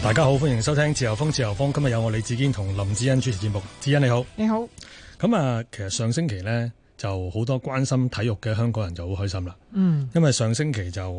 大家好，歡迎收聽自由風自由風，今日有我李志堅同林志欣主持節目。志欣你好，你好。咁啊，其實上星期呢就好多關心體育嘅香港人就好開心啦。嗯。因為上星期就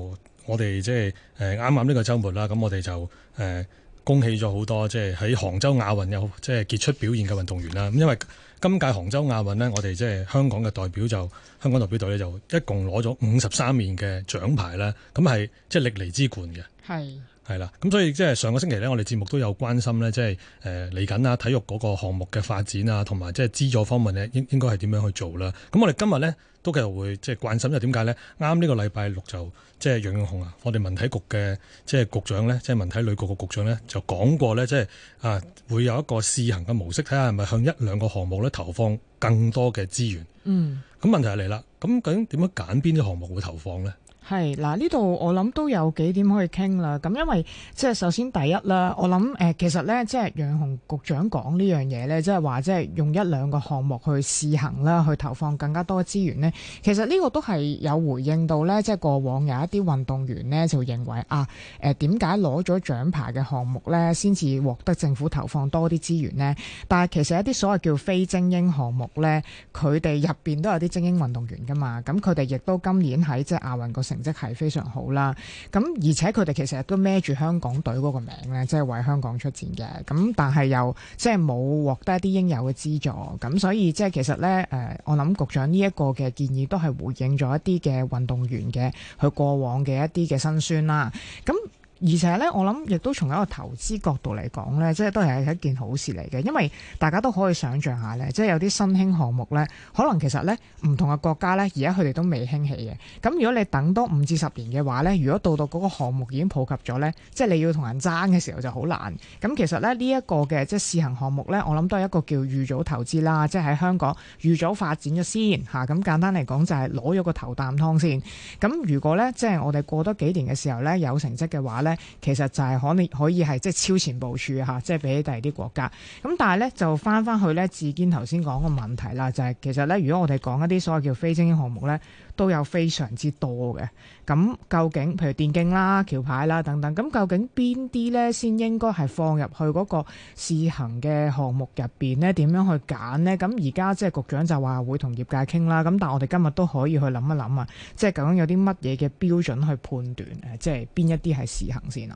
我哋即係誒啱啱呢個周末啦，咁我哋就誒、呃、恭喜咗好多即係喺杭州亞運有即係傑出表現嘅運動員啦。咁因為今屆杭州亞運呢，我哋即係香港嘅代表就香港代表隊咧就一共攞咗五十三面嘅獎牌咧，咁係即係歷嚟之冠嘅。係。係啦，咁所以即係上個星期咧，我哋節目都有關心咧，即係誒嚟緊啊，呃、體育嗰個項目嘅發展啊，同埋即係資助方面咧，應應該係點樣去做啦？咁我哋今日咧都繼續會即係關心，因為點解咧？啱呢個禮拜六就即係、就是、楊潤雄啊，我哋文體局嘅即係局長咧，即係文體旅局嘅局長咧，就講過咧、就是，即係啊會有一個試行嘅模式，睇下係咪向一兩個項目咧投放更多嘅資源。嗯，咁問題係嚟啦，咁究竟點樣揀邊啲項目會投放咧？係嗱，呢度我諗都有幾點可以傾啦。咁因為即係首先第一啦，我諗誒、呃、其實呢，即係楊潤雄局長講呢樣嘢呢，即係話即係用一兩個項目去試行啦，去投放更加多資源呢。其實呢個都係有回應到呢，即係過往有一啲運動員呢就認為啊，誒點解攞咗獎牌嘅項目呢先至獲得政府投放多啲資源呢？但係其實一啲所謂叫非精英項目呢，佢哋入邊都有啲精英運動員噶嘛。咁佢哋亦都今年喺即係亞運個成成績係非常好啦，咁而且佢哋其實都孭住香港隊嗰個名咧，即係為香港出戰嘅，咁但係又即係冇獲得一啲應有嘅資助，咁所以即係其實咧，誒，我諗局長呢一個嘅建議都係回應咗一啲嘅運動員嘅佢過往嘅一啲嘅辛酸啦，咁。而且咧，我諗亦都從一個投資角度嚟講咧，即係都係一件好事嚟嘅，因為大家都可以想像下咧，即係有啲新興項目咧，可能其實咧，唔同嘅國家咧，而家佢哋都未興起嘅。咁如果你等多五至十年嘅話咧，如果到到嗰個項目已經普及咗咧，即係你要同人爭嘅時候就好難。咁其實咧呢一個嘅即係試行項目咧，我諗都係一個叫預早投資啦，即係喺香港預早發展咗先嚇。咁、啊、簡單嚟講就係攞咗個頭啖湯先。咁如果咧即係我哋過多幾年嘅時候咧有成績嘅話咧。其實就係可能可以係即係超前部署嚇，即係俾第二啲國家。咁但係咧，就翻翻去咧，志堅頭先講個問題啦，就係、是、其實咧，如果我哋講一啲所謂叫非精英項目咧。都有非常之多嘅，咁究竟譬如電競啦、橋牌啦等等，咁究竟邊啲咧先應該係放入去嗰個試行嘅項目入邊咧？點樣去揀呢？咁而家即係局長就話會同業界傾啦。咁但係我哋今日都可以去諗一諗啊，即係究竟有啲乜嘢嘅標準去判斷，即係邊一啲係試行先啦、啊？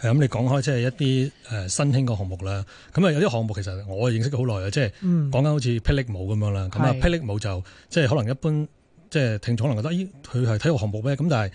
係咁，你講開即係一啲誒新興嘅項目啦。咁啊，有啲項目其實我認識好耐啊，即係講緊好似霹靂舞咁樣啦。咁啊、嗯，霹靂舞就即係是可能一般。即係聽眾可能覺得，咦？佢係體育項目咩？咁但係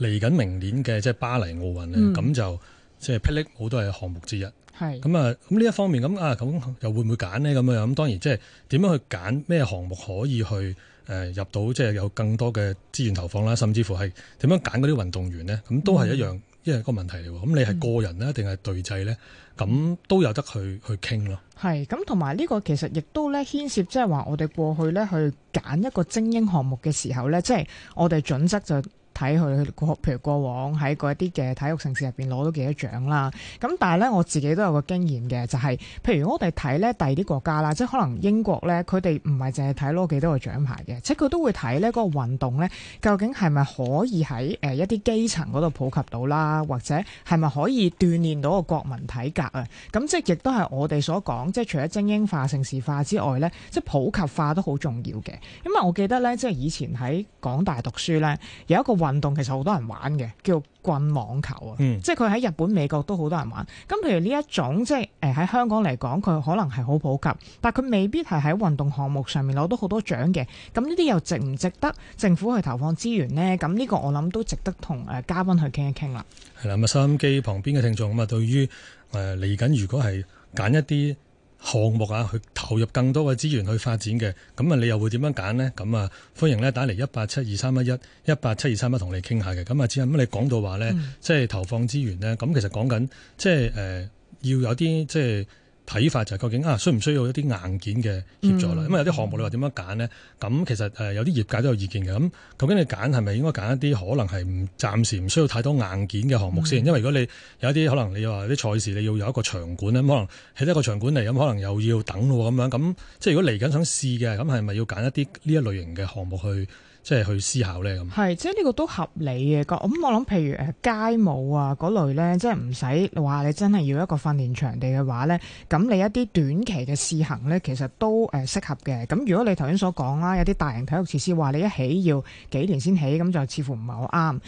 嚟緊明年嘅即係巴黎奧運咧，咁、嗯、就即係霹靂舞都係項目之一。係咁啊！咁呢、嗯、一方面咁啊，咁、嗯、又會唔會揀呢？咁啊，咁當然即係點樣去揀咩項目可以去誒、呃、入到即係有更多嘅資源投放啦，甚至乎係點樣揀嗰啲運動員呢？咁都係一樣，因為一個問題嚟喎。咁、嗯嗯、你係個人呢？定係隊制呢？咁都有得去去傾咯，係咁，同埋呢個其實亦都咧牽涉，即係話我哋過去咧去揀一個精英項目嘅時候咧，即係我哋準則就，睇佢譬如過往喺嗰一啲嘅體育城市入邊攞到幾多獎啦。咁但係咧，我自己都有個經驗嘅，就係、是、譬如我哋睇咧第二啲國家啦，即係可能英國咧，佢哋唔係淨係睇攞幾多個獎牌嘅，即係佢都會睇咧嗰個運動咧，究竟係咪可以喺誒一啲基層嗰度普及到啦，或者係咪可以鍛煉到個國民體格啊？咁即係亦都係我哋所講，即係除咗精英化、城市化之外咧，即係普及化都好重要嘅。因為我記得咧，即係以前喺港大讀書咧，有一個。運動其實好多人玩嘅，叫棍網球啊，嗯、即係佢喺日本、美國都好多人玩。咁譬如呢一種，即係誒喺香港嚟講，佢可能係好普及，但係佢未必係喺運動項目上面攞到好多獎嘅。咁呢啲又值唔值得政府去投放資源呢？咁呢個我諗都值得同誒嘉賓去傾一傾啦。係啦，咁收音機旁邊嘅聽眾咁啊，對於誒嚟緊如果係揀一啲。項目啊，去投入更多嘅資源去發展嘅，咁啊，你又會點樣揀呢？咁啊，歡迎咧打嚟一八七二三一一一八七二三一，同你傾下嘅。咁啊，只後係咁你講到話呢，嗯、即係投放資源呢。咁其實講緊即係誒、呃、要有啲即係。睇法就係究竟啊，需唔需要一啲硬件嘅協助啦？因為、嗯、有啲項目你話點樣揀呢？咁其實誒有啲業界都有意見嘅。咁究竟你揀係咪應該揀一啲可能係唔暫時唔需要太多硬件嘅項目先？嗯、因為如果你有一啲可能你話啲賽事你要有一個場館咧，咁可能起一個場館嚟咁可能又要等咯咁樣。咁即係如果嚟緊想試嘅，咁係咪要揀一啲呢一類型嘅項目去？即係去思考呢，咁，係即係呢個都合理嘅。咁我諗譬如誒街舞啊嗰類咧，即係唔使話你真係要一個訓練場地嘅話呢。咁你一啲短期嘅試行呢，其實都誒適合嘅。咁如果你頭先所講啦，有啲大型體育設施話你一起要幾年先起，咁就似乎唔係好啱。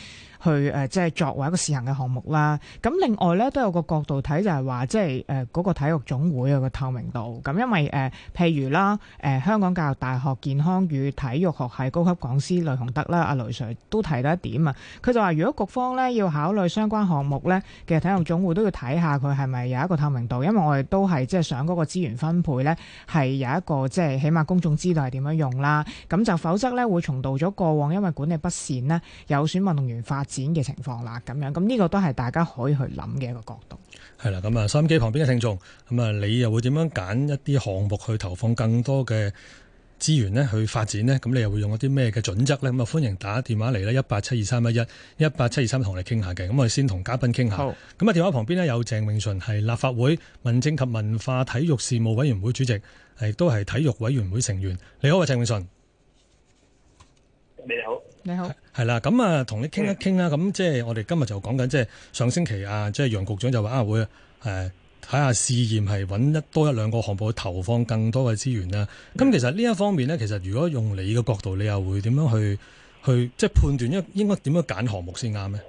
去誒、呃，即係作為一個試行嘅項目啦。咁另外咧，都有個角度睇，就係、是、話即係誒嗰個體育總會有個透明度。咁因為誒、呃、譬如啦，誒、呃、香港教育大學健康與體育學系高級講師雷洪德啦，阿、啊、雷瑞雷 Sir 都提到一點啊。佢就話，如果局方咧要考慮相關項目咧，其實體育總會都要睇下佢係咪有一個透明度，因為我哋都係即係想嗰個資源分配咧係有一個即係起碼公眾知道係點樣用啦。咁就否則咧會重蹈咗過往因為管理不善呢，有損運動員發展嘅情況啦，咁樣咁呢個都係大家可以去諗嘅一個角度。係啦，咁啊，收音機旁邊嘅聽眾，咁啊，你又會點樣揀一啲項目去投放更多嘅資源呢？去發展呢？咁你又會用一啲咩嘅準則呢？咁啊，歡迎打電話嚟咧，一八七二三一一一八七二三，同我哋傾下嘅。咁我哋先同嘉賓傾下。好。咁啊，電話旁邊呢，有鄭泳舜，係立法會民政及文化體育事務委員會主席，係亦都係體育委員會成員。你好，阿鄭泳舜。你好。你好，係啦，咁啊，同你傾一傾啦，咁即係我哋今日就講緊即係上星期啊，即係楊局長就話啊會誒睇下試驗係揾一多一兩個項目去投放更多嘅資源啊，咁、嗯、其實呢一方面咧，其實如果用你嘅角度，你又會點樣去去即係判斷一應該點樣揀項目先啱呢？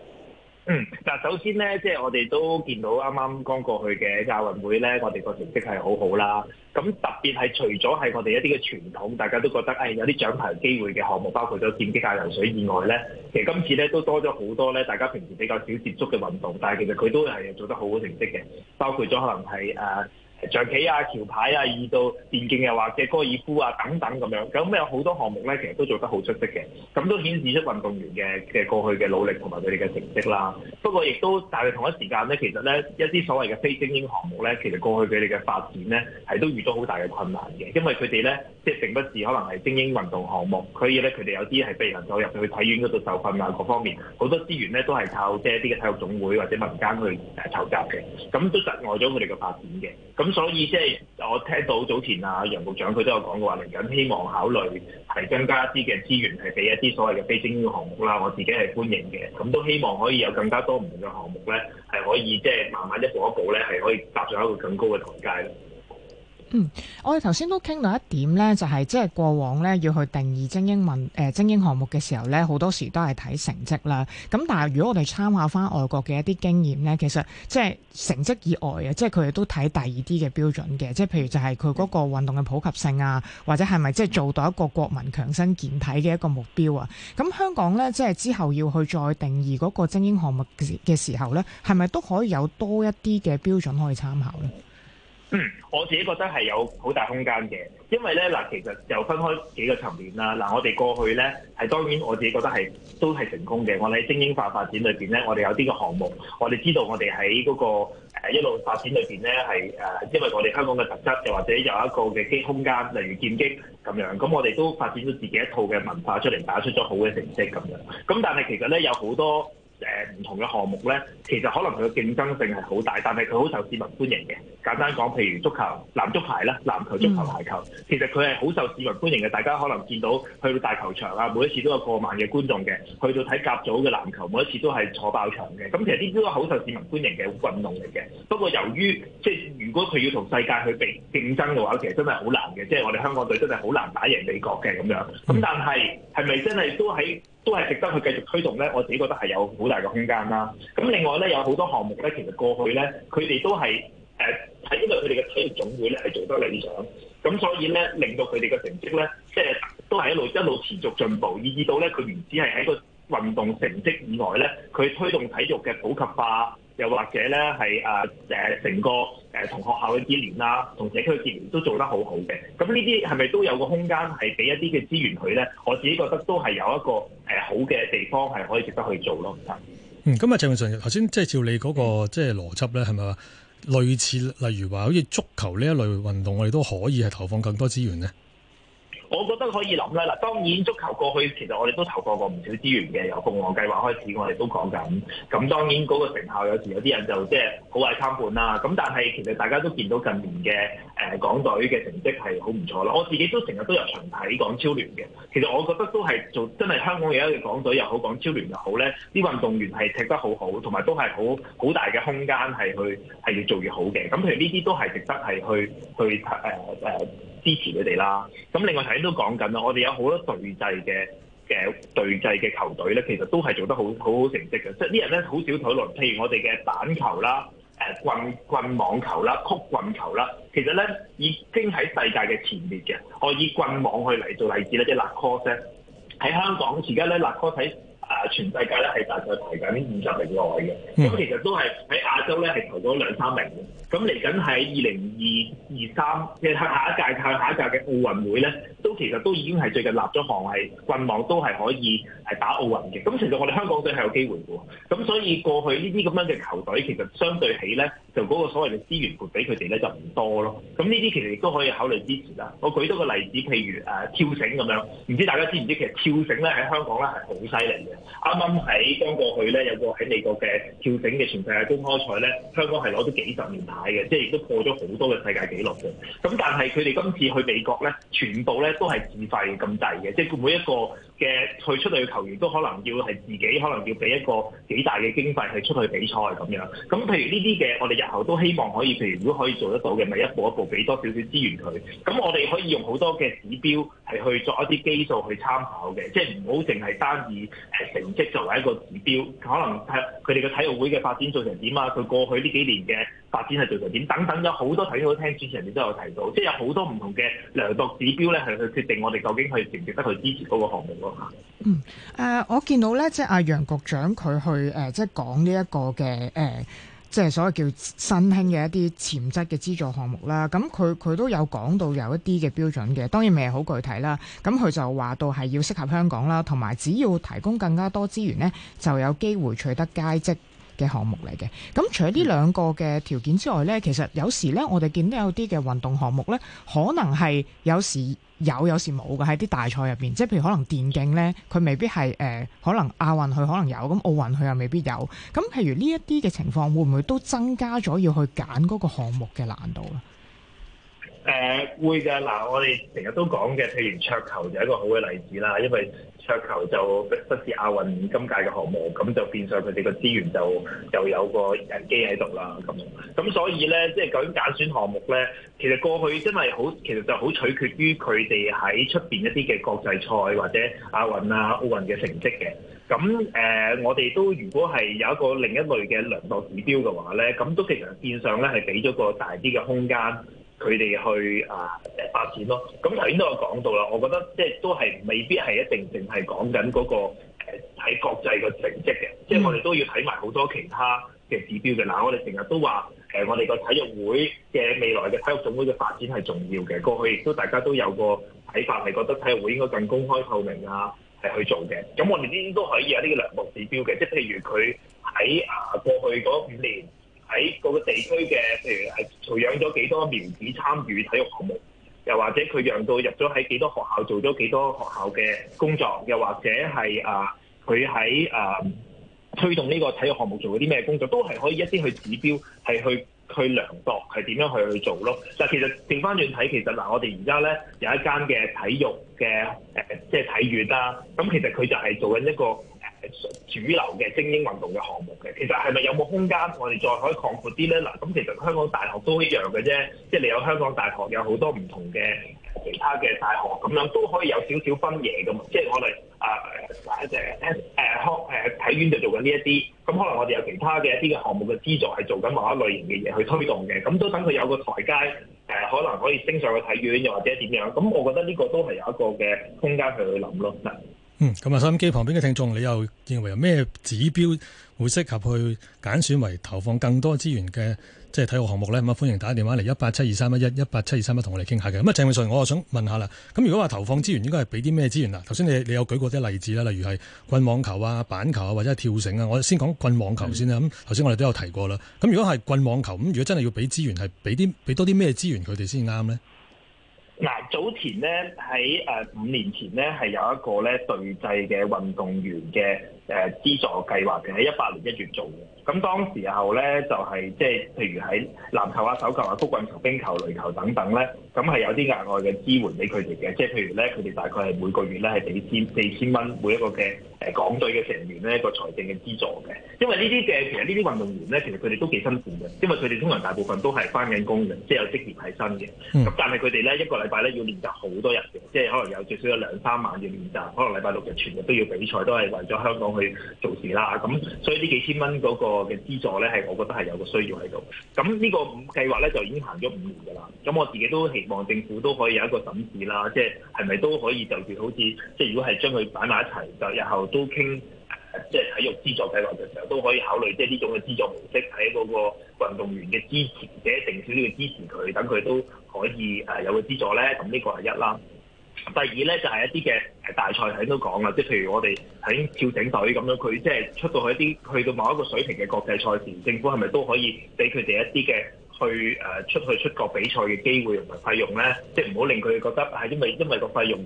嗯，嗱，首先咧，即係我哋都見到啱啱剛、剛、剛過去嘅亞運會咧，我哋個成績係好好啦。咁特別係除咗係我哋一啲嘅傳統，大家都覺得誒、哎、有啲獎牌機會嘅項目，包括咗劍擊、下游水以外咧，其實今次咧都多咗好多咧，大家平時比較少接觸嘅運動，但係其實佢都係做得好好成績嘅，包括咗可能係誒，呃象棋啊、橋牌啊、二到電競又或者高爾夫啊等等咁樣，咁有好多項目咧，其實都做得好出色嘅，咁都顯示出運動員嘅嘅過去嘅努力同埋佢哋嘅成績啦。不過亦都，但係同一時間咧，其實咧一啲所謂嘅非精英項目咧，其實過去佢哋嘅發展咧係都遇到好大嘅困難嘅，因為佢哋咧即係並不是可能係精英運動項目，所以咧佢哋有啲係未能走入去體院嗰度受訓啊，各方面好多資源咧都係靠即一啲嘅體育總會或者民間去籌集嘅，咁都窒礙咗佢哋嘅發展嘅，咁。所以即係我聽到早前啊楊局長佢都有講過話，嚟緊希望考慮係增加一啲嘅資源係俾一啲所謂嘅非精英項目啦，我自己係歡迎嘅。咁都希望可以有更加多唔同嘅項目咧，係可以即係慢慢一步一步咧，係可以踏上一個更高嘅台階。嗯，我哋頭先都傾到一點咧，就係即係過往咧要去定義精英運誒、呃、精英項目嘅時候咧，好多時都係睇成績啦。咁但係如果我哋參考翻外國嘅一啲經驗咧，其實即係成績以外嘅，即係佢哋都睇第二啲嘅標準嘅，即係譬如就係佢嗰個運動嘅普及性啊，或者係咪即係做到一個國民強身健體嘅一個目標啊？咁香港咧，即係之後要去再定義嗰個精英項目嘅時候咧，係咪都可以有多一啲嘅標準可以參考咧？嗯，我自己覺得係有好大空間嘅，因為咧嗱，其實就分開幾個層面啦。嗱，我哋過去咧係當然我自己覺得係都係成功嘅。我哋喺精英化發展裏邊咧，我哋有啲嘅項目，我哋知道我哋喺嗰個、啊、一路發展裏邊咧係誒，因為我哋香港嘅特質又或者有一個嘅機空間，例如劍擊咁樣，咁我哋都發展咗自己一套嘅文化出嚟，打出咗好嘅成績咁樣。咁但係其實咧有好多。誒唔同嘅項目咧，其實可能佢嘅競爭性係好大，但係佢好受市民歡迎嘅。簡單講，譬如足球、籃足排啦、籃球、足球、排球，其實佢係好受市民歡迎嘅。大家可能見到去到大球場啊，每一次都有過萬嘅觀眾嘅，去到睇甲組嘅籃球，每一次都係坐爆場嘅。咁其實呢啲都係好受市民歡迎嘅運動嚟嘅。不過由於即係如果佢要同世界去比競爭嘅話，其實真係好難嘅。即係我哋香港隊真係好難打贏美國嘅咁樣。咁但係係咪真係都喺？都係值得去繼續推動咧，我自己覺得係有好大嘅空間啦。咁另外咧，有好多項目咧，其實過去咧，佢哋都係誒喺因為佢哋嘅體育總會咧係做得理想，咁所以咧令到佢哋嘅成績咧，即係都係一路一路持續進步，意至到咧佢唔止係喺個運動成績以外咧，佢推動體育嘅普及化。又或者咧，係誒誒成個誒同學校嘅接連啦，同社區嘅接連都做得好好嘅。咁呢啲係咪都有個空間係俾一啲嘅資源佢咧？我自己覺得都係有一個誒好嘅地方係可以值得去做咯。唔該、嗯。嗯，咁、嗯、啊，鄭泳舜頭先即係照你嗰、那個即係邏輯咧，係咪話類似例如話，好似足球呢一類運動，我哋都可以係投放更多資源咧？我覺得可以諗啦。嗱，當然足球過去其實我哋都投放過唔少資源嘅，由鳳凰計劃開始，我哋都講緊。咁當然嗰個成效有時有啲人就即係好壞參半啦。咁但係其實大家都見到近年嘅誒港隊嘅成績係好唔錯啦。我自己都成日都有場睇港超聯嘅。其實我覺得都係做真係香港而家嘅港隊又好，港超聯又好咧，啲運動員係踢得，得好好，同埋都係好好大嘅空間係去係越做越好嘅。咁其實呢啲都係值得係去去誒誒。呃呃支持佢哋啦，咁另外頭先都講緊啦，我哋有好多隊際嘅嘅隊際嘅球隊咧，其實都係做得好好好成績嘅，即係啲人咧好少討論，譬如我哋嘅板球啦、誒、呃、棍棍網球啦、曲棍球啦，其實咧已經喺世界嘅前列嘅，我、哦、以棍網去嚟做例子咧，即係拉科斯喺香港而家咧拉科喺。誒、啊、全世界咧係大概排緊五十名內嘅，咁、嗯、其實都係喺亞洲咧係投咗兩三名嘅。咁嚟緊喺二零二二三嘅下一屆下一屆嘅奧運會咧，都其實都已經係最近立咗項係棍網都係可以係打奧運嘅。咁其實我哋香港隊係有機會嘅喎。咁所以過去呢啲咁樣嘅球隊其實相對起咧，就嗰個所謂嘅資源撥俾佢哋咧就唔多咯。咁呢啲其實亦都可以考慮支持啦。我舉多個例子，譬如誒、啊、跳繩咁樣，唔知大家知唔知其實跳繩咧喺香港咧係好犀利嘅。啱啱喺剛剛過去咧，有個喺美國嘅跳繩嘅全世界公開賽咧，香港係攞咗幾十年牌嘅，即係亦都破咗好多嘅世界紀錄嘅。咁但係佢哋今次去美國咧，全部咧都係自費咁滯嘅，即係每一個嘅退出嚟嘅球員都可能要係自己可能要俾一個幾大嘅經費係出去比賽咁樣。咁譬如呢啲嘅，我哋日後都希望可以，譬如如果可以做得到嘅，咪一步一步俾多少少資源佢。咁我哋可以用好多嘅指標係去作一啲基數去參考嘅，即係唔好淨係單以成績作為一個指標，可能體佢哋嘅體育會嘅發展做成點啊？佢過去呢幾年嘅發展係做成點？等等有好多體育都聽主持人哋都有提到，即係有好多唔同嘅量度指標咧，係去決定我哋究竟係值唔值得去支持嗰個項目咯。嗯，誒、呃，我見到咧，即係阿楊局長佢去誒，即係講呢一個嘅誒。呃即係所謂叫新興嘅一啲潛質嘅資助項目啦，咁佢佢都有講到有一啲嘅標準嘅，當然未係好具體啦。咁佢就話到係要適合香港啦，同埋只要提供更加多資源呢，就有機會取得佳績嘅項目嚟嘅。咁除咗呢兩個嘅條件之外呢，其實有時呢，我哋見到有啲嘅運動項目呢，可能係有時。有有時冇㗎，喺啲大賽入邊即係譬如可能電競呢，佢未必係誒、呃，可能亞運去，可能有，咁奧運去又未必有。咁譬如呢一啲嘅情況，會唔會都增加咗要去揀嗰個項目嘅難度咧？誒、呃、會嘅。嗱，我哋成日都講嘅，譬如桌球就係一個好嘅例子啦，因為桌球就不是亞運今屆嘅項目，咁就變相佢哋個資源就又有個人機喺度啦。咁咁所以咧，即係究竟揀選項目咧，其實過去真係好，其實就好取決於佢哋喺出邊一啲嘅國際賽或者亞運啊、奧運嘅成績嘅。咁誒、呃，我哋都如果係有一個另一類嘅量度指標嘅話咧，咁都其實變相咧係俾咗個大啲嘅空間。佢哋去啊發展咯，咁頭先都有講到啦。我覺得即係都係未必係一定淨係講緊嗰個誒喺國際嘅成績嘅，即係我哋都要睇埋好多其他嘅指標嘅。嗱，我哋成日都話誒，我哋個體育會嘅未來嘅體育總會嘅發展係重要嘅。過去亦都大家都有個睇法，係覺得體育會應該更公開透明啊，係去做嘅。咁我哋應該都可以有呢個兩目指標嘅，即係譬如佢喺啊過去嗰五年，喺個個地區嘅，譬如係培養咗幾多苗子參與體育項目，又或者佢養到入咗喺幾多學校做咗幾多學校嘅工作，又或者係啊，佢喺啊推動呢個體育項目做咗啲咩工作，都係可以一啲去指標，係去去量度係點樣去去做咯。但係其實掉返轉睇，其實嗱，我哋而家咧有一間嘅體育嘅誒，即、呃、係、就是、體院啦、啊，咁、嗯、其實佢就係做緊一個。主流嘅精英運動嘅項目嘅，其實係咪有冇空間我哋再可以擴闊啲咧？嗱，咁其實香港大學都一樣嘅啫，即係你有香港大學，有好多唔同嘅其他嘅大學咁樣都可以有少少分嘢嘅，即係我哋啊，嗱、呃，一隻誒誒學誒體院就做緊呢一啲，咁可能我哋有其他嘅一啲嘅項目嘅資助係做緊某一類型嘅嘢去推動嘅，咁都等佢有個台階誒、呃，可能可以升上去體院，又或者點樣？咁我覺得呢個都係有一個嘅空間去去諗咯。嗱。嗯，咁啊，收音機旁邊嘅聽眾，你又認為有咩指標會適合去揀選為投放更多資源嘅即係體育項目呢？咁啊，歡迎打電話嚟一八七二三一一一八七二三一，同我哋傾下嘅。咁啊，鄭泳舜，我又想問下啦。咁如果話投放資源，應該係俾啲咩資源嗱？頭先你你有舉過啲例子啦，例如係棍網球啊、板球啊，或者係跳繩啊。我先講棍網球先啦。咁頭先我哋都有提過啦。咁如果係棍網球，咁如果真係要俾資源，係俾啲俾多啲咩資源佢哋先啱呢？嗱，早前咧喺誒五年前咧係有一個咧對制嘅運動員嘅誒資助計劃嘅，喺一八年一月做嘅。咁當時候咧就係即係譬如喺籃球啊、手球啊、曲棍球、冰球、壘球等等咧。咁係有啲額外嘅支援俾佢哋嘅，即係譬如咧，佢哋大概係每個月咧係俾千四千蚊每一個嘅誒、呃、港隊嘅成員咧一個財政嘅資助嘅，因為呢啲嘅其實呢啲運動員咧，其實佢哋都幾辛苦嘅，因為佢哋通常大部分都係返緊工嘅，即係有職業喺身嘅。咁但係佢哋咧一個禮拜咧要練習好多日嘅，即係可能有最少有兩三萬要練習，可能禮拜六日全日都要比賽，都係為咗香港去做事啦。咁所以呢幾千蚊嗰個嘅資助咧，係我覺得係有個需要喺度。咁呢個五計劃咧就已經行咗五年㗎啦。咁我自己都希望政府都可以有一個審視啦，即係係咪都可以就住好似，即係如果係將佢擺埋一齊，就日後都傾，即係體育資助計劃，嘅時候，都可以考慮即係呢種嘅資助模式，喺嗰個運動員嘅支持者定少少支持佢，等佢都可以誒有個資助咧。咁呢個係一啦。第二咧就係、是、一啲嘅大賽喺都講啦，即係譬如我哋喺跳繩隊咁樣，佢即係出到去一啲去到某一個水平嘅國際賽事，政府係咪都可以俾佢哋一啲嘅，去誒出去出國比賽嘅機會同埋費用咧，即係唔好令佢哋覺得係因為因為個費用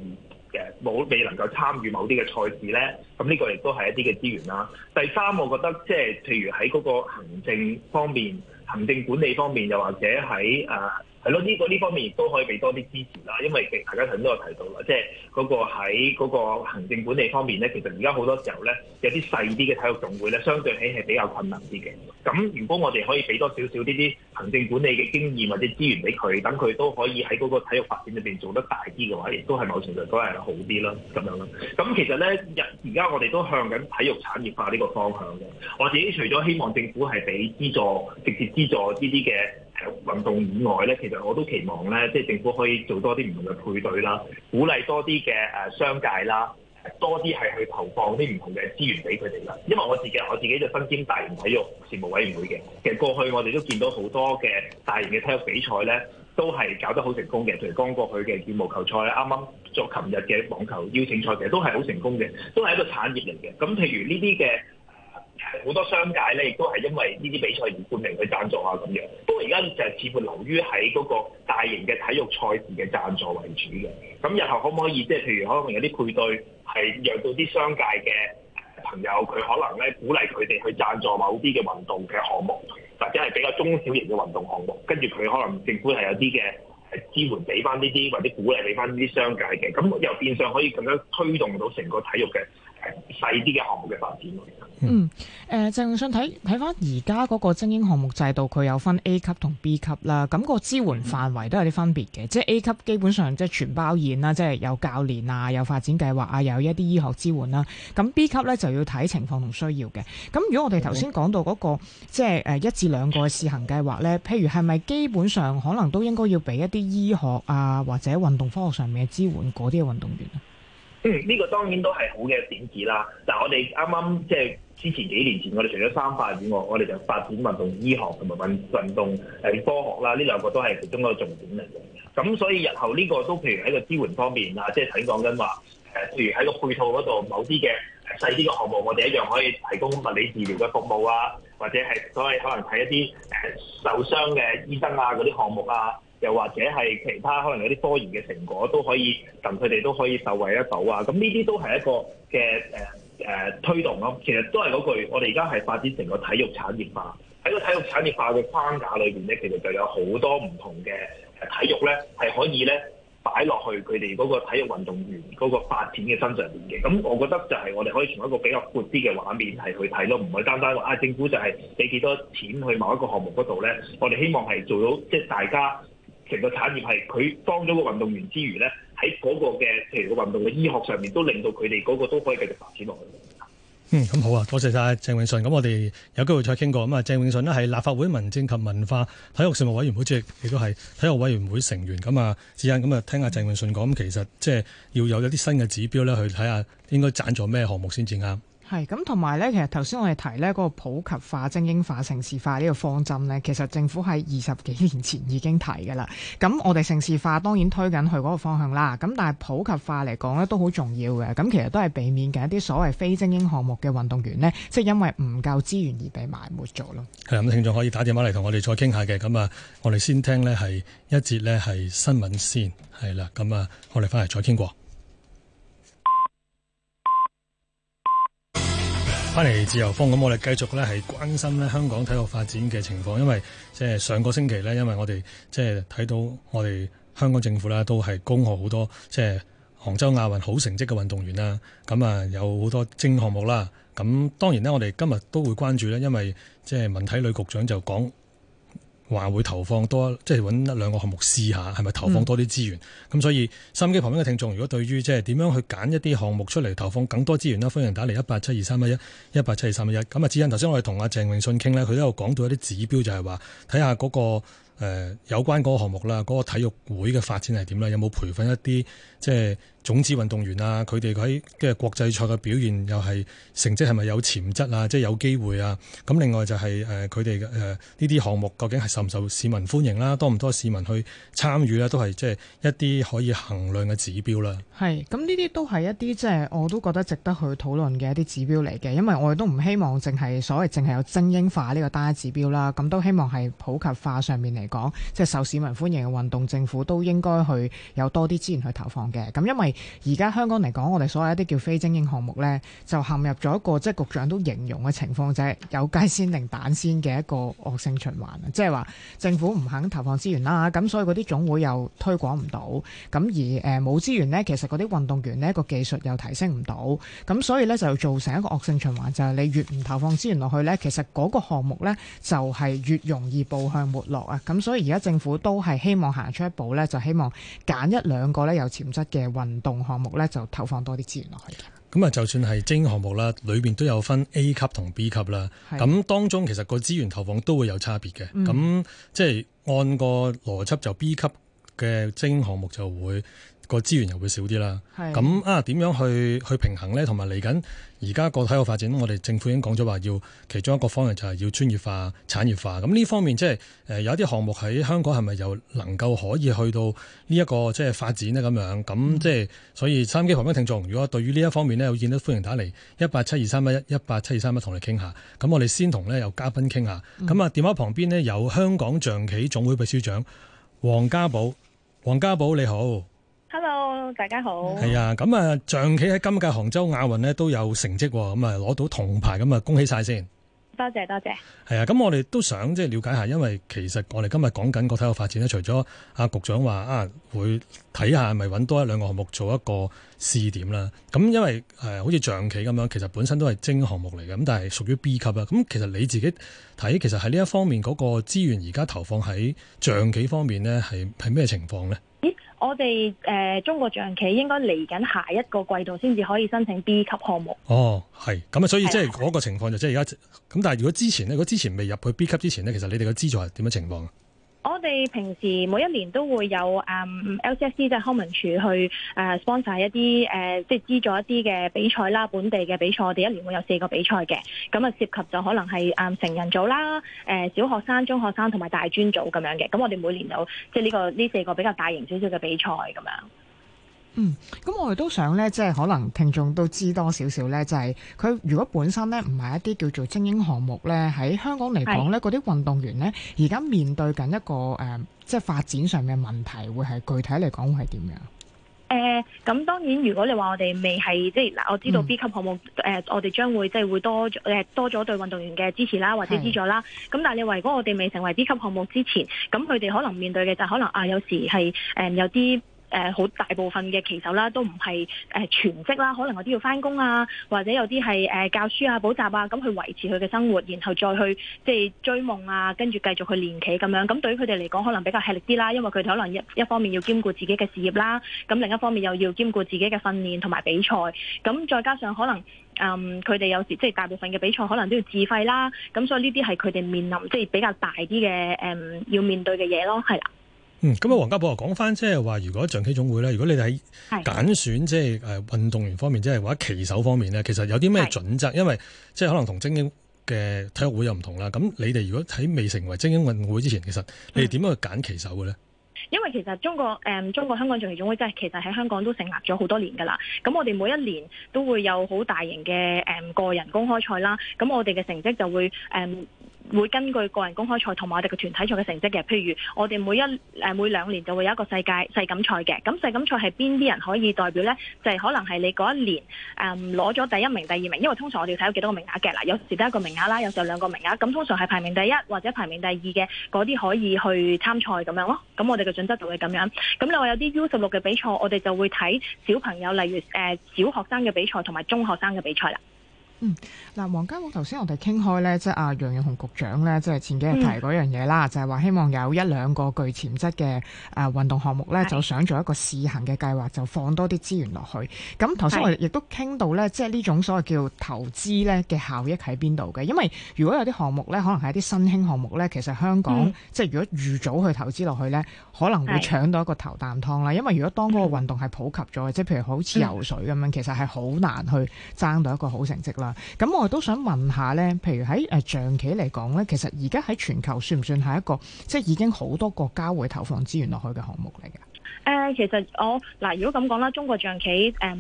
誒冇未能夠參與某啲嘅賽事咧，咁呢個亦都係一啲嘅資源啦。第三，我覺得即係譬如喺嗰個行政方面、行政管理方面，又或者喺啊。呃係咯，呢個呢方面亦都可以俾多啲支持啦，因為其實大家頭先都有提到啦，即係嗰個喺嗰個行政管理方面咧，其實而家好多時候咧，有啲細啲嘅體育總會咧，相對起係比較困難啲嘅。咁如果我哋可以俾多少少呢啲行政管理嘅經驗或者資源俾佢，等佢都可以喺嗰個體育發展裏邊做得大啲嘅話，亦都係某程度都係好啲啦，咁樣啦。咁其實咧，而而家我哋都向緊體育產業化呢個方向嘅。我自己除咗希望政府係俾資助，直接資助呢啲嘅。運動以外咧，其實我都期望咧，即係政府可以做多啲唔同嘅配對啦，鼓勵多啲嘅誒商界啦，多啲係去投放啲唔同嘅資源俾佢哋啦。因為我自己，我自己就身兼大型體育事務委員會嘅，其實過去我哋都見到好多嘅大型嘅體育比賽咧，都係搞得好成功嘅。譬如剛過去嘅羽毛球賽，啱啱作琴日嘅網球邀請賽，其實都係好成功嘅，都係一個產業嚟嘅。咁譬如呢啲嘅。好多商界咧，亦都係因為呢啲比賽而冠名去贊助啊，咁樣。不過而家就似乎流於喺嗰個大型嘅體育賽事嘅贊助為主嘅。咁日後可唔可以即係譬如可能有啲配對係約到啲商界嘅朋友，佢可能咧鼓勵佢哋去贊助某啲嘅運動嘅項目，或者係比較中小型嘅運動項目，跟住佢可能政府係有啲嘅支援俾翻呢啲，或者鼓勵俾翻呢啲商界嘅，咁又變相可以咁樣推動到成個體育嘅。細啲嘅項目嘅發展咯，嗯，誒、呃，正想睇睇翻而家嗰個精英項目制度，佢有分 A 級同 B 級啦，咁，那個支援範圍都有啲分別嘅，嗯、即係 A 級基本上即係全包現啦，即、就、係、是、有教練啊，有發展計劃啊，有一啲醫學支援啦，咁 B 級呢，就要睇情況同需要嘅，咁如果我哋頭先講到嗰、那個、嗯、即係一至兩個試行計劃呢，譬如係咪基本上可能都應該要俾一啲醫學啊或者運動科學上面嘅支援嗰啲運動員啊？嗯，呢個當然都係好嘅點子啦。但，我哋啱啱即係之前幾年前，我哋除咗三化以外，我哋就發展運動醫學同埋運運動誒科學啦。呢兩個都係其中一個重點嚟嘅。咁所以日後呢個都譬如喺個支援方面啊，即係睇講緊話誒，譬如喺個配套嗰度，某啲嘅細啲嘅項目，我哋一樣可以提供物理治療嘅服務啊，或者係所謂可能睇一啲誒受傷嘅醫生啊嗰啲項目啊。又或者係其他可能有啲科研嘅成果都可以，甚至佢哋都可以受惠得到啊！咁呢啲都係一個嘅誒誒推動啊！其實都係嗰句，我哋而家係發展成個體育產業化。喺個體育產業化嘅框架裏邊咧，其實就有好多唔同嘅體育咧，係可以咧擺落去佢哋嗰個體育運動員嗰個發展嘅身上面嘅。咁我覺得就係我哋可以從一個比較闊啲嘅畫面係去睇咯，唔係單單話啊政府就係俾幾多錢去某一個項目嗰度咧。我哋希望係做到即係、就是、大家。成個產業係佢當咗個運動員之餘呢，喺嗰個嘅譬如個運動嘅醫學上面，都令到佢哋嗰個都可以繼續發展落去。嗯，咁好啊，多謝晒鄭泳舜。咁我哋有機會再傾過。咁啊，鄭泳舜咧係立法會民政及文化體育事務委員會主席，亦都係體育委員會成員。咁啊，之間咁啊，聽下鄭泳舜講。咁其實即係要有一啲新嘅指標咧，去睇下應該贊助咩項目先至啱。係咁，同埋呢。其實頭先我哋提呢嗰個普及化、精英化、城市化呢個方針呢，其實政府喺二十幾年前已經提噶啦。咁我哋城市化當然推緊去嗰個方向啦。咁但係普及化嚟講呢，都好重要嘅。咁其實都係避免緊一啲所謂非精英項目嘅運動員呢，即係因為唔夠資源而被埋沒咗咯。係咁，聽眾可以打電話嚟同我哋再傾下嘅。咁啊，我哋先聽呢係一節呢係新聞先。係啦，咁啊，我哋翻嚟再傾過。翻嚟自由風，咁我哋繼續咧係關心咧香港體育發展嘅情況，因為即係上個星期咧，因為我哋即係睇到我哋香港政府咧都係恭賀好多即係杭州亞運好成績嘅運動員啦，咁啊有好多精項目啦，咁當然呢，我哋今日都會關注咧，因為即係文體旅局長就講，話會投放多即係揾一兩個項目試下，係咪投放多啲資源？咁、嗯、所以收音機旁邊嘅聽眾，如果對於即係點樣去揀一啲項目出嚟投放更多資源咧，歡迎打嚟一八七二三一一一八七二三一一。咁、嗯、啊，智恩頭先我哋同阿鄭泳舜傾呢，佢都有講到一啲指標就，就係話睇下嗰個、呃、有關嗰個項目啦，嗰、嗰個體育會嘅發展係點啦，有冇培訓一啲即係。種子運動員啊，佢哋喺嘅國際賽嘅表現又係成績係咪有潛質啊？即係有機會啊！咁另外就係誒佢哋誒呢啲項目究竟係受唔受市民歡迎啦？多唔多市民去參與啦？都係即係一啲可以衡量嘅指標啦。係，咁呢啲都係一啲即係我都覺得值得去討論嘅一啲指標嚟嘅，因為我哋都唔希望淨係所謂淨係有精英化呢個單一指標啦。咁都希望係普及化上面嚟講，即係受市民歡迎嘅運動，政府都應該去有多啲資源去投放嘅。咁因為而家香港嚟講，我哋所謂一啲叫非精英項目呢，就陷入咗一個即係局長都形容嘅情況，就係、是、有雞先定蛋先嘅一個惡性循環。即係話政府唔肯投放資源啦，咁所以嗰啲總會又推廣唔到，咁而誒冇、呃、資源呢，其實嗰啲運動員呢個技術又提升唔到，咁所以呢，就要造成一個惡性循環，就係、是、你越唔投放資源落去呢，其實嗰個項目呢，就係、是、越容易步向沒落啊。咁所以而家政府都係希望行出一步呢，就希望揀一兩個呢有潛質嘅運。動項目咧就投放多啲資源落去。咁啊，就算係精英項目啦，裏邊都有分 A 級同 B 級啦。咁的當中其實個資源投放都會有差別嘅。咁、嗯、即係按個邏輯，就 B 級嘅精英項目就會。個資源又會少啲啦，咁是啊點樣去去平衡呢？同埋嚟緊而家個體育發展，我哋政府已經講咗話，要其中一個方向就係要專業化、產業化。咁呢方面即、就、係、是呃、有啲項目喺香港係咪又能夠可以去到呢、這、一個即係、就是、發展呢？咁樣咁即係所以，收音機旁邊嘅聽眾，如果對於呢一方面呢，有見到歡迎打嚟一八七二三一一八七二三一，同你傾下。咁我哋先同呢有嘉賓傾下。咁、嗯、啊，電話旁邊呢，有香港象棋總會秘書長黃嘉寶，黃嘉寶，嘉寶你好。大家好。係啊，咁啊，象棋喺今屆杭州亞運咧都有成績，咁啊攞到銅牌，咁啊恭喜晒先。多謝多謝。係啊，咁我哋都想即係了解下，因為其實我哋今日講緊個體育發展咧，除咗阿、啊、局長話啊，會睇下咪揾多一兩個項目做一個試點啦。咁、嗯、因為誒，好似象棋咁樣，其實本身都係精項目嚟嘅，咁但係屬於 B 級啦。咁、嗯、其實你自己睇，其實喺呢一方面嗰個資源而家投放喺象棋方面呢係係咩情況呢？我哋誒、呃、中國象棋應該嚟緊下，下一個季度先至可以申請 B 級項目。哦，係咁啊，所以即係嗰個情況就即係而家咁。的但係如果之前咧，如果之前未入去 B 級之前呢，其實你哋嘅資助係點樣情況啊？我哋平時每一年都會有嗯、um, LCSD 即係康文署去誒、uh, sponsor 一啲誒、uh, 即係資助一啲嘅比賽啦，本地嘅比賽，我哋一年會有四個比賽嘅，咁啊涉及就可能係誒、um, 成人組啦、誒、uh, 小學生、中學生同埋大專組咁樣嘅，咁我哋每年有即係、這、呢個呢四個比較大型少少嘅比賽咁樣。嗯，咁我哋都想咧，即係可能聽眾都知多少少咧，就係、是、佢如果本身咧唔係一啲叫做精英項目咧，喺香港嚟講咧，嗰啲是運動員咧而家面對緊一個誒、呃，即係發展上嘅問題，會係具體嚟講會係點樣？誒、呃，咁當然如果你話我哋未係即係，我知道 B 級項目誒、嗯呃，我哋將會即係會多誒多咗對運動員嘅支持啦，或者資助啦。咁是但係你話如果我哋未成為 B 級項目之前，咁佢哋可能面對嘅就可能啊，有時係誒、嗯、有啲。誒好、呃、大部分嘅棋手啦，都唔係誒全職啦，可能有啲要返工啊，或者有啲係誒教書啊、補習啊，咁去維持佢嘅生活，然後再去即係追夢啊，跟住繼續去練棋咁樣。咁對於佢哋嚟講，可能比較吃力啲啦，因為佢哋可能一一方面要兼顧自己嘅事業啦，咁另一方面又要兼顧自己嘅訓練同埋比賽，咁再加上可能嗯佢哋有時即係大部分嘅比賽可能都要自費啦，咁所以呢啲係佢哋面臨即係比較大啲嘅誒要面對嘅嘢咯，係啦。嗯，咁、嗯、啊，黃嘉寶又講翻即係話，如果象棋總會咧，如果你哋喺揀選是即係誒運動員方面，即係或者棋手方面咧，其實有啲咩準則？是因為即係可能同精英嘅體育會又唔同啦。咁你哋如果喺未成為精英運動會之前，其實你哋點樣去揀棋手嘅咧？因為其實中國誒、嗯、中國香港象棋總會即係其實喺香港都成立咗好多年噶啦。咁我哋每一年都會有好大型嘅誒、嗯、個人公開賽啦。咁我哋嘅成績就會誒，嗯會根據個人公開賽同埋我哋嘅團體賽嘅成績嘅，譬如我哋每一、誒每兩年就會有一個世界世錦賽嘅，咁世錦賽係邊啲人可以代表呢？就係可能係你嗰一年誒攞咗第一名、第二名，因為通常我哋要睇到幾多個名額嘅，嗱，有時得一個名額啦，有時候兩個名額，咁通常係排名第一或者排名第二嘅嗰啲可以去參賽咁樣咯。咁我哋嘅準則就會咁樣。咁另外有啲 U 十六嘅比賽，我哋就會睇小朋友，例如誒小學生嘅比賽同埋中學生嘅比賽啦。嗯，嗱，黃嘉寶頭先我哋傾開咧，即係、啊、阿楊潤雄局長咧，即係前幾日提嗰樣嘢啦，嗯、就係話希望有一兩個具潛質嘅誒運動項目咧，是就想做一個試行嘅計劃，就放多啲資源落去。咁頭先我哋亦都傾到咧，是即係呢種所謂叫投資咧嘅效益喺邊度嘅？因為如果有啲項目咧，可能係一啲新興項目咧，其實香港、嗯、即係如果預早去投資落去咧，可能會搶到一個頭啖湯啦。因為如果當嗰個運動係普及咗，即係譬如好似游水咁樣，嗯、其實係好難去爭到一個好成績啦。咁我亦都想問下咧，譬如喺誒、呃、象棋嚟講咧，其實而家喺全球算唔算係一個即係已經好多國家會投放資源落去嘅項目嚟嘅？誒、呃，其實我嗱、哦呃，如果咁講啦，中國象棋誒、呃、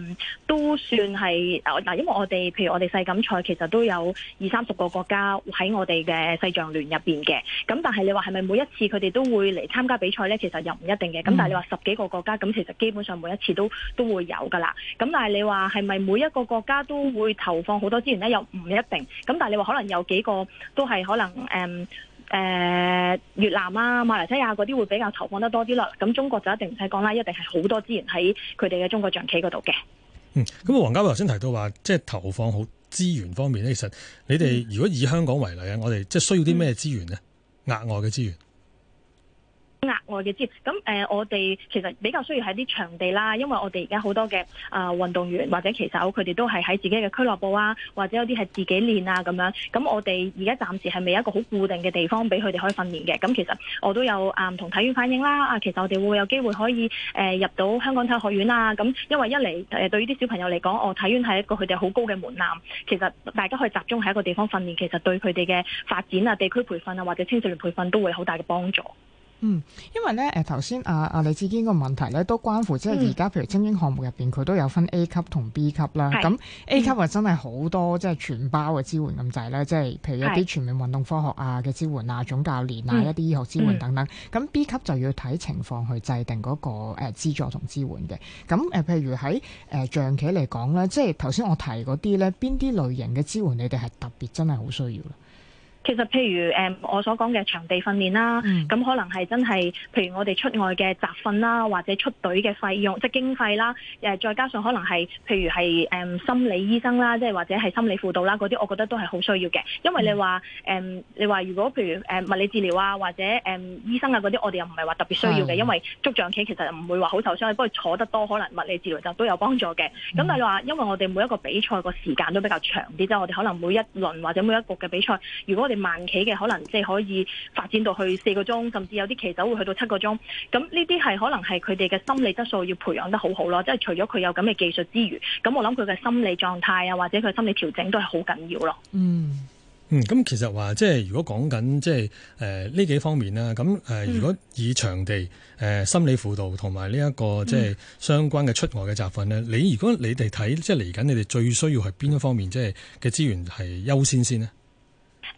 都算係嗱、呃，因為我哋譬如我哋世錦賽，其實都有二三十個國家喺我哋嘅世象聯入邊嘅。咁但係你話係咪每一次佢哋都會嚟參加比賽呢？其實又唔一定嘅。咁但係你話十幾個國家，咁其實基本上每一次都都會有㗎喇。咁但係你話係咪每一個國家都會投放好多資源呢？又唔一定。咁但係你話可能有幾個都係可能誒、呃誒、呃，越南啊、馬來西亞嗰啲會比較投放得多啲咯咁、嗯、中國就一定唔使講啦，一定係好多資源喺佢哋嘅中國象棋嗰度嘅。嗯，咁啊，黃嘉寶頭先提到話，即係投放好資源方面咧其實你哋如果以香港為例啊，我哋即係需要啲咩資源呢？額、嗯、外嘅資源。額外嘅支援咁誒，我哋其實比較需要喺啲場地啦，因為我哋而家好多嘅啊、呃、運動員或者棋手，佢哋都係喺自己嘅俱樂部啊，或者有啲係自己練啊咁樣。咁、嗯、我哋而家暫時係未一個好固定嘅地方俾佢哋可以訓練嘅。咁、嗯、其實我都有唔同體院反映啦，啊，其實我哋會有機會可以誒、呃、入到香港體學院啊。咁、嗯、因為一嚟誒對於啲小朋友嚟講，我體院係一個佢哋好高嘅門檻。其實大家可以集中喺一個地方訓練，其實對佢哋嘅發展啊、地區培訓啊或者青少年培訓、啊、都會好大嘅幫助。嗯，因為咧，誒、啊，頭先阿阿李志堅個問題咧，都關乎即係而家，譬如精英項目入邊，佢都有分 A 級同 B 級啦。咁、嗯、那 A 級啊，真係好多即係全包嘅支援咁滯咧，即係譬如一啲全面運動科學啊嘅支援啊，總教練啊，嗯、一啲醫學支援等等。咁、嗯嗯、B 級就要睇情況去制定嗰個誒資助同支援嘅。咁誒、呃，譬如喺誒、呃、象棋嚟講咧，即係頭先我提嗰啲咧，邊啲類型嘅支援你哋係特別真係好需要咧？其實，譬如誒、嗯、我所講嘅場地訓練啦，咁、嗯嗯、可能係真係，譬如我哋出外嘅集訓啦，或者出隊嘅費用，即、就、係、是、經費啦，誒、嗯、再加上可能係譬如係誒、嗯、心理醫生啦，即係或者係心理輔導啦，嗰啲我覺得都係好需要嘅。因為你話誒、嗯，你話如果譬如誒物理治療啊，或者誒、嗯、醫生啊嗰啲，我哋又唔係話特別需要嘅，的因為捉象棋其實唔會話好受傷，不過坐得多可能物理治療就都有幫助嘅。咁、嗯嗯、但係話因為我哋每一個比賽個時間都比較長啲，即係我哋可能每一輪或者每一局嘅比賽，如果我哋慢棋嘅可能即係可以發展到去四個鐘，甚至有啲棋手會去到七個鐘。咁呢啲係可能係佢哋嘅心理質素要培養得好好咯。即係除咗佢有咁嘅技術之餘，咁我諗佢嘅心理狀態啊，或者佢心理調整都係好緊要咯、嗯。嗯嗯，咁其實話即係如果講緊即係誒呢幾方面啦，咁、呃、誒如果以場地誒、呃、心理輔導同埋呢一個即係相關嘅出外嘅集訓呢，嗯、你如果你哋睇即係嚟緊，你哋最需要係邊一方面即係嘅資源係優先先呢？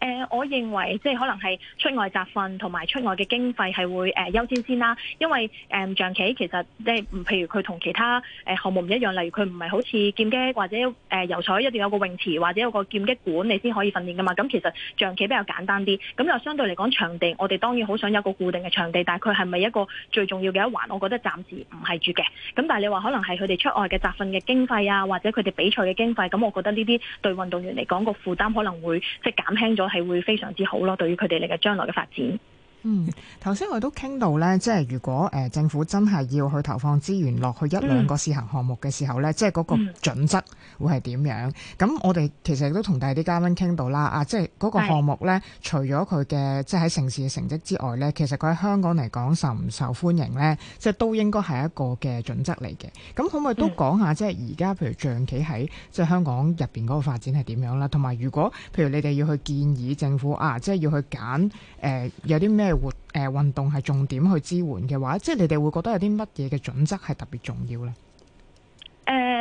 誒、呃，我認為即係可能係出外集訓同埋出外嘅經費係會誒、呃、優先先啦，因為誒象、呃、棋其實即係唔，譬如佢同其他誒項目唔一樣，例如佢唔係好似劍擊或者誒、呃、游賽一定要有個泳池或者有個劍擊館你先可以訓練㗎嘛，咁其實象棋比較簡單啲，咁就相對嚟講場地，我哋當然好想有個固定嘅場地，但係佢係咪一個最重要嘅一環？我覺得暫時唔係住嘅，咁但係你話可能係佢哋出外嘅集訓嘅經費啊，或者佢哋比賽嘅經費，咁、嗯嗯、我覺得呢啲對運動員嚟講個負擔可能會即係減輕輕，咗係會非常之好咯，對於佢哋嚟嘅將來嘅發展。嗯，頭先我哋都傾到咧，即係如果誒、呃、政府真係要去投放資源落去一兩個試行項目嘅時候咧，嗯、即係嗰個準則會係點樣？咁、嗯、我哋其實亦都同第啲嘉賓傾到啦，啊，即係嗰個項目咧，是除咗佢嘅即係喺城市嘅成績之外咧，其實佢喺香港嚟講受唔受歡迎咧，即係都應該係一個嘅準則嚟嘅。咁可唔可以都講下，嗯、即係而家譬如象棋喺即係香港入邊嗰個發展係點樣啦？同埋如果譬如你哋要去建議政府啊，即係要去揀誒、呃、有啲咩？即係活誒運動係重點去支援嘅話，即係你哋會覺得有啲乜嘢嘅準則係特別重要咧？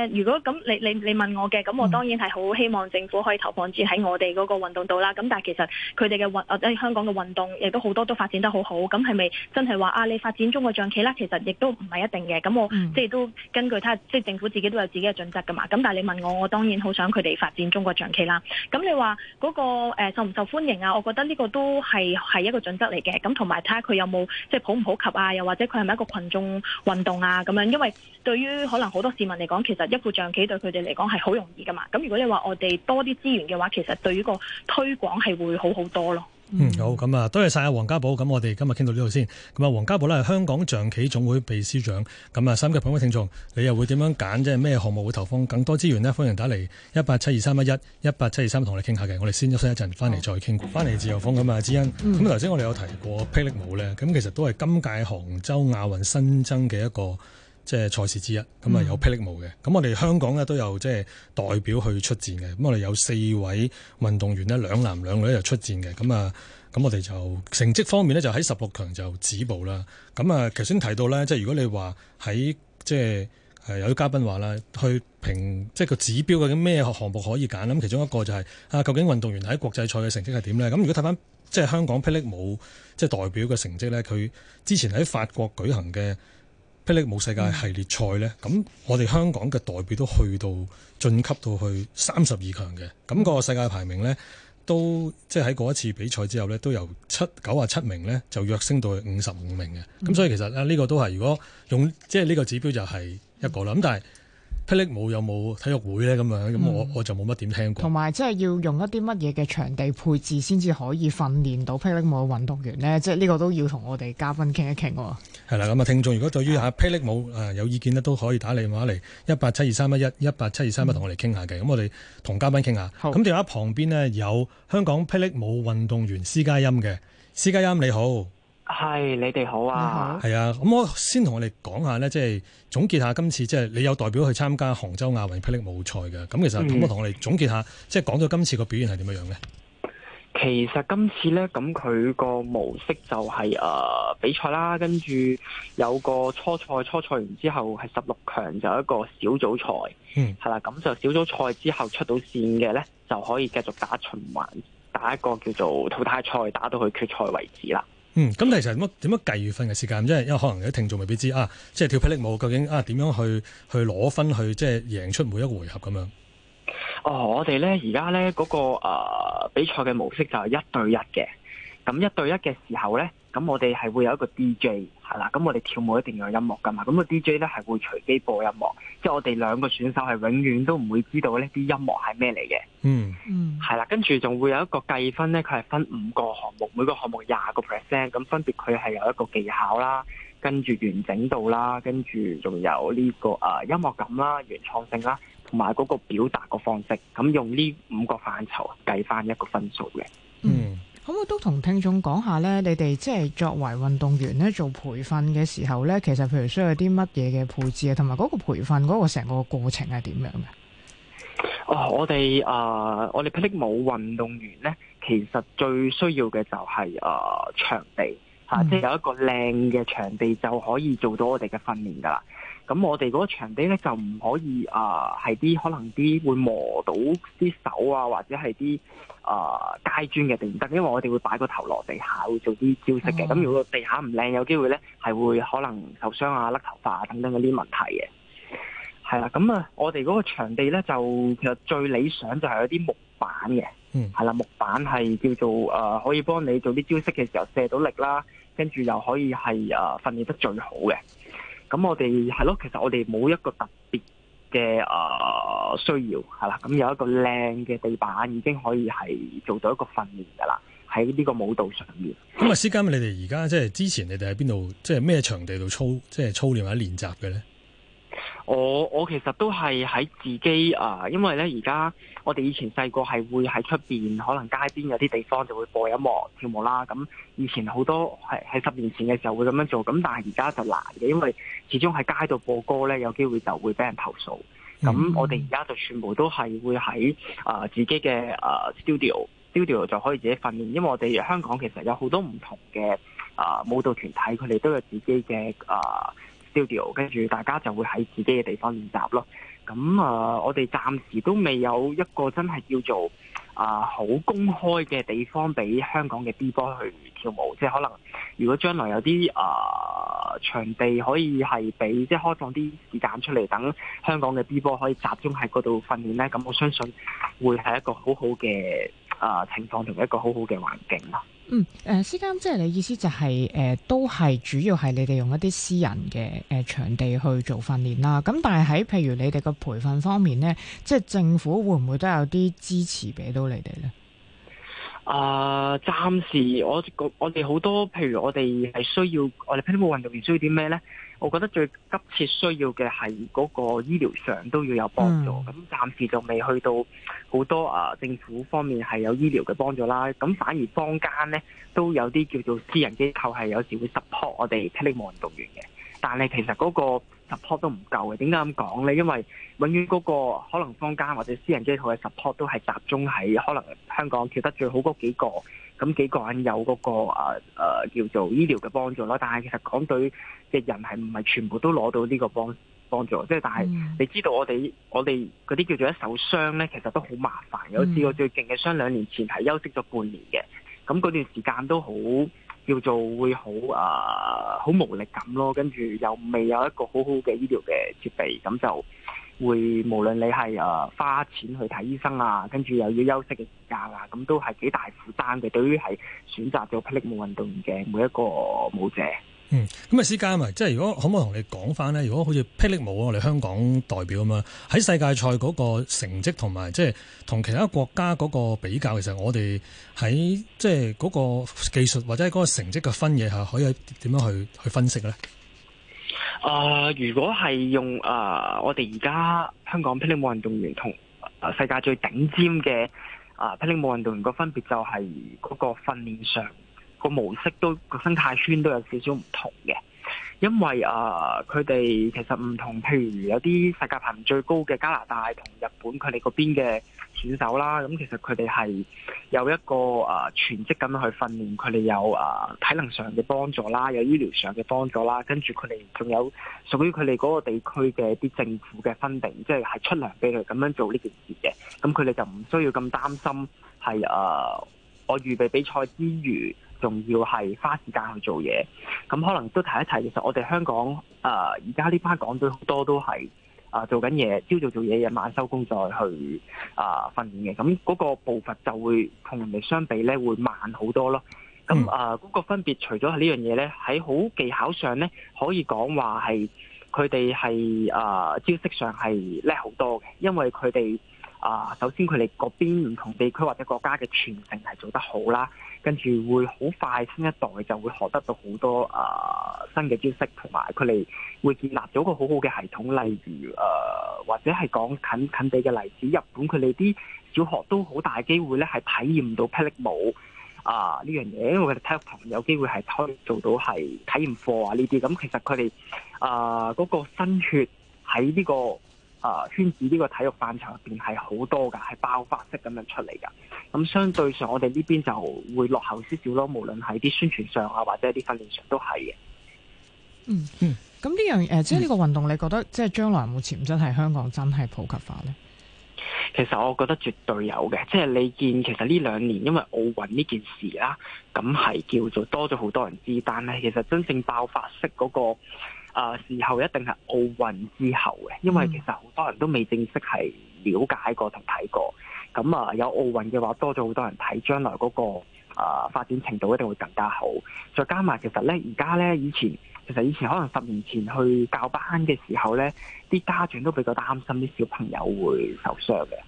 如果咁你你你問我嘅，咁我當然係好希望政府可以投放資喺我哋嗰個運動度啦。咁但係其實佢哋嘅運，或者香港嘅運動亦都好多都發展得好好。咁係咪真係話啊？你發展中國象棋啦，其實亦都唔係一定嘅。咁我、嗯、即係都根據他，睇即係政府自己都有自己嘅準則噶嘛。咁但係你問我，我當然好想佢哋發展中國象棋啦。咁你話嗰、嗰個誒、呃、受唔受歡迎啊？我覺得呢個都係係一個準則嚟嘅。咁同埋睇下佢有冇即係普唔普及啊？又或者佢係咪一個群眾運動啊？咁樣，因為對於可能好多市民嚟講其實。一副象棋對佢哋嚟講係好容易噶嘛。咁如果你話我哋多啲資源嘅話，其實對呢個推廣係會好好多咯。嗯、嗯，好，咁、嗯、啊，多謝晒阿黃嘉寶。咁、嗯、我哋今日傾到呢度先。咁、嗯、啊，黃嘉寶呢係香港象棋總會秘書長。咁、嗯、啊，三級朋友、聽眾，你又會點樣揀？即係咩項目會投放更多資源呢，歡迎打嚟一八七二三一一一八七二三，同我哋傾下嘅。我哋先休息一陣，翻嚟再傾。翻嚟、嗯、自由風咁啊，志、嗯、欣。咁頭先我哋有提過霹靂舞咧，咁其實都係今屆杭州亞運新增嘅一個。即係賽事之一，咁啊有霹靂舞嘅，咁我哋香港呢都有即係代表去出戰嘅，咁、嗯、我哋有四位運動員呢，兩男兩女就出戰嘅，咁啊，咁我哋就成績方面呢，就喺十六強就止步啦。咁啊，頭先提到呢，即係如果你話喺即係有啲嘉賓話啦，去評即係個指標究竟咩項目可以揀咧，咁其中一個就係、是、啊，究竟運動員喺國際賽嘅成績係點呢？咁如果睇翻即係香港霹靂舞即係代表嘅成績呢，佢之前喺法國舉行嘅。霹靂舞世界系列賽呢，咁、嗯、我哋香港嘅代表都去到晉級到去三十二強嘅，咁、個世界排名呢，都即係喺嗰一次比賽之後呢，都由七九啊七名呢就躍升到去五十五名嘅，咁、嗯、所以其實呢、呢個都係如果用即係呢個指標就係一個啦，咁、嗯、但係。霹靂舞有冇體育會咧？咁樣，咁我我就冇乜點聽過。同埋即係要用一啲乜嘢嘅場地配置先至可以訓練到霹靂舞嘅運動員咧？即係呢個都要同我哋嘉賓傾一傾。係啦，咁啊，聽眾如果對於吓霹靂舞誒有意見咧，都可以打嚟電話嚟一八七二三一一一八七二三一同我哋傾下嘅。咁、嗯、我哋同嘉賓傾下。咁好電話旁邊呢，有香港霹靂舞運動員施嘉鑫嘅施嘉鑫，你好。係你哋好啊！係啊，咁，啊，我先同我哋講下呢，即係總結下今次，即係你有代表去參加杭州亞運霹靂舞賽嘅。咁其實，咁我同我哋總結下，嗯、即係講咗今次個表現係點樣樣呢？其實今次呢，咁佢個模式就係誒比賽啦，跟住有個初賽，初賽完之後係十六強就一個小組賽，嗯，係啦，咁就小組賽之後出到線嘅呢，就可以繼續打循環，打一個叫做淘汰賽，打到去決賽為止啦。嗯，咁其實點樣點樣計月份嘅時間？因為因為可能有啲聽眾未必知啊，即係跳霹靂舞究竟啊點樣去去攞分，去即係贏出每一個回合咁樣。哦，我哋咧而家咧嗰個、呃、比賽嘅模式就係一對一嘅，咁一對一嘅時候咧，咁我哋係會有一個 DJ。係啦，咁我哋跳舞一定要有音樂噶嘛，咁個 DJ 咧係會隨機播音樂，即係我哋兩個選手係永遠都唔會知道呢啲音樂係咩嚟嘅。嗯嗯，係啦，跟住仲會有一個計分咧，佢係分五個項目，每個項目廿個 percent，咁分別佢係有一個技巧啦，跟住完整度啦，跟住仲有呢個誒音樂感啦、原創性啦，同埋嗰個表達個方式，咁用呢五個範疇計翻一個分數嘅。嗯。嗯咁我都同聽眾講下咧，你哋即係作為運動員咧做培訓嘅時候咧，其實譬如需要啲乜嘢嘅配置啊，同埋嗰個培訓嗰個成個過程係點樣嘅？哦，我哋啊、呃，我哋霹靂舞運動員咧，其實最需要嘅就係、是、啊、呃、場地嚇，啊嗯、即係有一個靚嘅場地就可以做到我哋嘅訓練噶啦。咁我哋嗰個場地咧就唔可以啊，係、呃、啲可能啲會磨到啲手啊，或者係啲啊街磚嘅地方，因為我哋會擺個頭落地下，會做啲招式嘅。咁、嗯、如果個地下唔靚，有機會咧係會可能受傷啊、甩頭髮啊等等嗰啲問題嘅。係啦，咁啊，我哋嗰個場地咧就其實最理想就係有啲木板嘅。嗯，係啦，木板係叫做啊、呃，可以幫你做啲招式嘅時候卸到力啦，跟住又可以係啊、呃、訓練得最好嘅。咁我哋係咯，其實我哋冇一個特別嘅啊需要，係啦，咁有一個靚嘅地板已經可以係做到一個訓練噶啦，喺呢個舞蹈上面。咁啊、嗯，施嘉鑫、嗯，你哋而家即係之前你哋喺邊度，即係咩場地度操，即係操練或者練習嘅咧？我我其實都係喺自己啊、呃，因為呢而家我哋以前細個係會喺出邊，可能街邊有啲地方就會播音樂跳舞啦。咁以前好多係喺十年前嘅時候會咁樣做，咁但係而家就難嘅，因為始終喺街度播歌呢，有機會就會俾人投訴。咁我哋而家就全部都係會喺啊、呃、自己嘅、呃、studio，studio 就可以自己訓練。因為我哋香港其實有好多唔同嘅、呃、舞蹈團體，佢哋都有自己嘅啊。呃跟住大家就會喺自己嘅地方練習咯。咁啊、呃，我哋暫時都未有一個真係叫做啊好、呃、公開嘅地方俾香港嘅 B 波去跳舞。即係可能，如果將來有啲啊、呃、場地可以係俾即係開放啲時間出嚟，等香港嘅 B 波可以集中喺嗰度訓練呢。咁我相信會係一個好好嘅。啊！情況同一個好好嘅環境咯。嗯，誒、呃、施嘉即係你意思就係、是、誒、呃、都係主要係你哋用一啲私人嘅誒、呃、場地去做訓練啦。咁但係喺譬如你哋嘅培訓方面呢，即係政府會唔會都有啲支持俾到你哋呢？啊、呃，暫時我我哋好多，譬如我哋係需要我哋乒乓波運動員需要啲咩呢？我覺得最急切需要嘅係嗰個醫療上都要有幫助，咁、嗯、暫時就未去到好多啊政府方面係有醫療嘅幫助啦，咁反而坊間呢，都有啲叫做私人機構係有時會 support 我哋霹力無人動員霹靂舞運動員嘅，但係其實嗰個 support 都唔夠嘅。點解咁講呢？因為永遠嗰個可能坊間或者私人機構嘅 support 都係集中喺可能香港跳得最好嗰幾個。咁幾個人有嗰個啊啊叫做醫療嘅幫助啦，但係其實港隊嘅人係唔係全部都攞到呢個幫幫助，即係但係你知道我哋我哋嗰啲叫做一受傷咧，其實都好麻煩嘅。我試過最勁嘅傷兩年前係休息咗半年嘅，咁嗰段時間都好叫做會好啊好無力感咯，跟住又未有一個好好嘅醫療嘅設備，咁就。會無論你係誒花錢去睇醫生啊，跟住又要休息嘅時間啊，咁都係幾大負擔嘅。對於係選擇咗霹靂舞運動員嘅每一個舞者，嗯，咁啊，施嘉啊，即係如果可唔可以同你講翻咧？如果好似霹靂舞我哋香港代表咁啊，喺世界賽嗰個成績同埋即係同其他國家嗰個比較，其實我哋喺即係嗰個技術或者係嗰個成績嘅分野下，可以點樣去去分析咧？啊、呃，如果係用啊、呃，我哋而家香港霹靂舞運動員同啊、呃、世界最頂尖嘅啊霹靂舞運動員分別，個分別就係嗰個訓練上個模式都個生態圈都有少少唔同嘅，因為啊佢哋其實唔同，譬如有啲世界排名最高嘅加拿大同日本，佢哋嗰邊嘅。選手啦，咁其實佢哋係有一個誒全職咁去訓練，佢哋有誒體能上嘅幫助啦，有醫療上嘅幫助啦，跟住佢哋仲有屬於佢哋嗰個地區嘅啲政府嘅分定，即係係出糧俾佢咁樣做呢件事嘅。咁佢哋就唔需要咁擔心係誒、呃、我預備比賽之餘，仲要係花時間去做嘢。咁、嗯、可能都提一提，其實我哋香港誒而家呢班港隊好多都係。啊，做緊嘢，朝早做嘢，夜晚收工再去啊、呃、訓練嘅，咁嗰個步伐就會同人哋相比咧，會慢好多咯。咁啊，嗰、呃嗰個分別除咗係呢樣嘢咧，喺好技巧上咧，可以講話係佢哋係啊招式上係叻好多嘅，因為佢哋啊首先佢哋嗰邊唔同地區或者國家嘅傳承係做得好啦。跟住會好快新一代就會學得到好多啊、呃、新嘅知識，同埋佢哋會建立咗一個好好嘅系統。例如啊、呃，或者係講近近地嘅例子，日本佢哋啲小學都好大機會咧，係體驗到霹靂舞啊呢樣嘢，因為佢哋體育堂有機會係可以做到係體驗課啊呢啲。咁、嗯、其實佢哋啊嗰個新血喺呢、呢個。啊！圈子呢個體育範疇入邊係好多噶，係爆發式咁樣出嚟噶。咁相對上，我哋呢邊就會落後少少咯。無論係啲宣傳上啊，或者啲訓練上都係嘅、嗯。嗯嗯。咁呢樣誒，即係呢個運動，你覺得、嗯、即係將來有冇潛質係香港真係普及化咧？其實我覺得絕對有嘅。即係你見其實呢兩年，因為奧運呢件事啦，咁係叫做多咗好多人知。但係其實真正爆發式嗰、那個。啊！時候一定係奧運之後嘅，因為其實好多人都未正式係了解過同睇過。咁啊，有奧運嘅話，多咗好多人睇，將來嗰個、那個啊、呃、發展程度一定會更加好。再加埋其實呢，而家呢，以前其實以前可能十年前去教班嘅時候呢，啲家長都比較擔心啲小朋友會受傷嘅。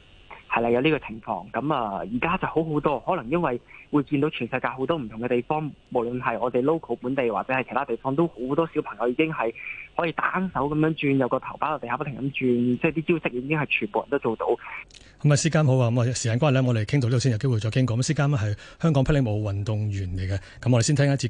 係啦，有呢個情況，咁啊，而家就好好多。可能因為會見到全世界好多唔同嘅地方，無論係我哋 local 本地或者係其他地方，都好多小朋友已經係可以單手咁樣轉，有個頭擺落地下不停咁轉，即係啲招式已經係全部人都做到。咁啊、嗯，施嘉鑫好啊，咁、嗯、啊時間關係呢，我哋傾到呢度先，有機會再傾過。咁施嘉鑫係香港霹靂舞運動員嚟嘅，咁、嗯、我哋先聽一次。